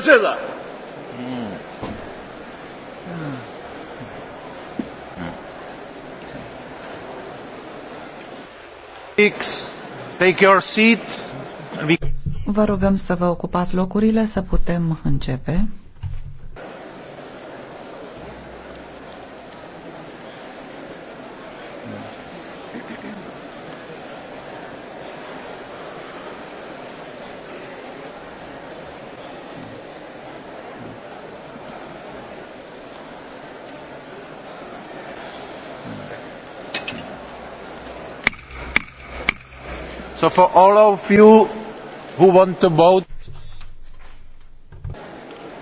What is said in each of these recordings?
acela. X, Take your seat. Vă rugăm să vă ocupați locurile să putem începe. So for all of you who want to vote,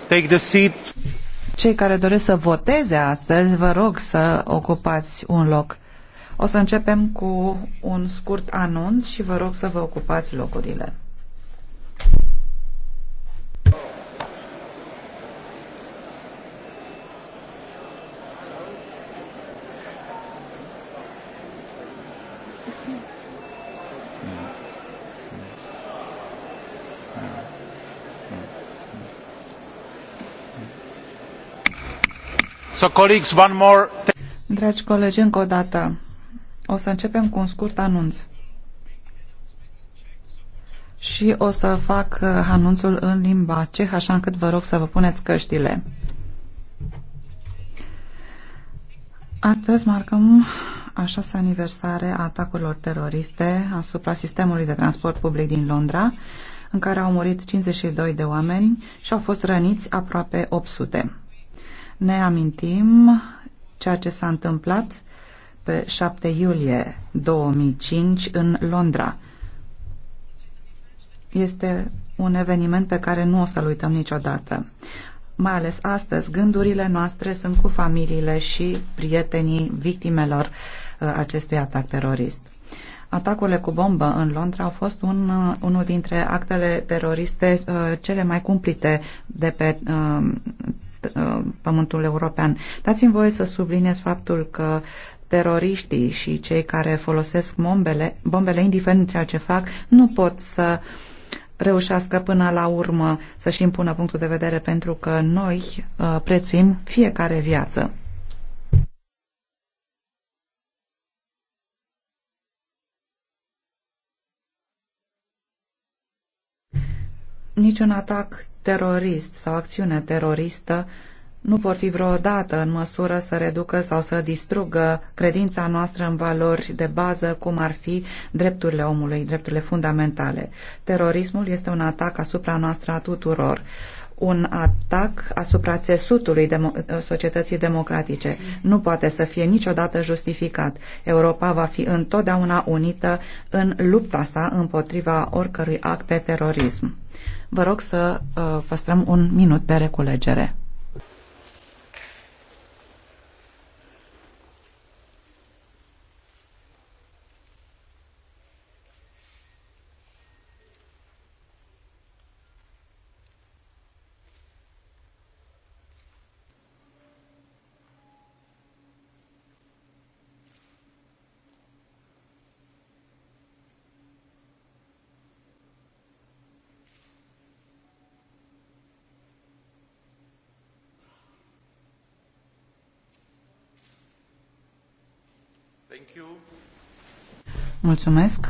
take the seat. Cei care doresc să voteze astăzi, vă rog să ocupați un loc. O să începem cu un scurt anunț și vă rog să vă ocupați locurile. Dragi colegi, încă o dată, o să începem cu un scurt anunț. Și o să fac uh, anunțul în limba ceh, așa încât vă rog să vă puneți căștile. Astăzi marcăm a șasea aniversare a atacurilor teroriste asupra sistemului de transport public din Londra, în care au murit 52 de oameni și au fost răniți aproape 800. Ne amintim ceea ce s-a întâmplat pe 7 iulie 2005 în Londra. Este un eveniment pe care nu o să-l uităm niciodată. Mai ales astăzi, gândurile noastre sunt cu familiile și prietenii victimelor uh, acestui atac terorist. Atacurile cu bombă în Londra au fost un, uh, unul dintre actele teroriste uh, cele mai cumplite de pe uh, Uh, pământul european. Dați-mi voie să subliniez faptul că teroriștii și cei care folosesc bombele, bombele indiferent ceea ce fac, nu pot să reușească până la urmă să-și impună punctul de vedere pentru că noi uh, prețuim fiecare viață. Niciun atac terorist sau acțiune teroristă nu vor fi vreodată în măsură să reducă sau să distrugă credința noastră în valori de bază, cum ar fi drepturile omului, drepturile fundamentale. Terorismul este un atac asupra noastră a tuturor un atac asupra țesutului demo- societății democratice. Nu poate să fie niciodată justificat. Europa va fi întotdeauna unită în lupta sa împotriva oricărui act de terorism. Vă rog să uh, păstrăm un minut de reculegere. Mulțumesc.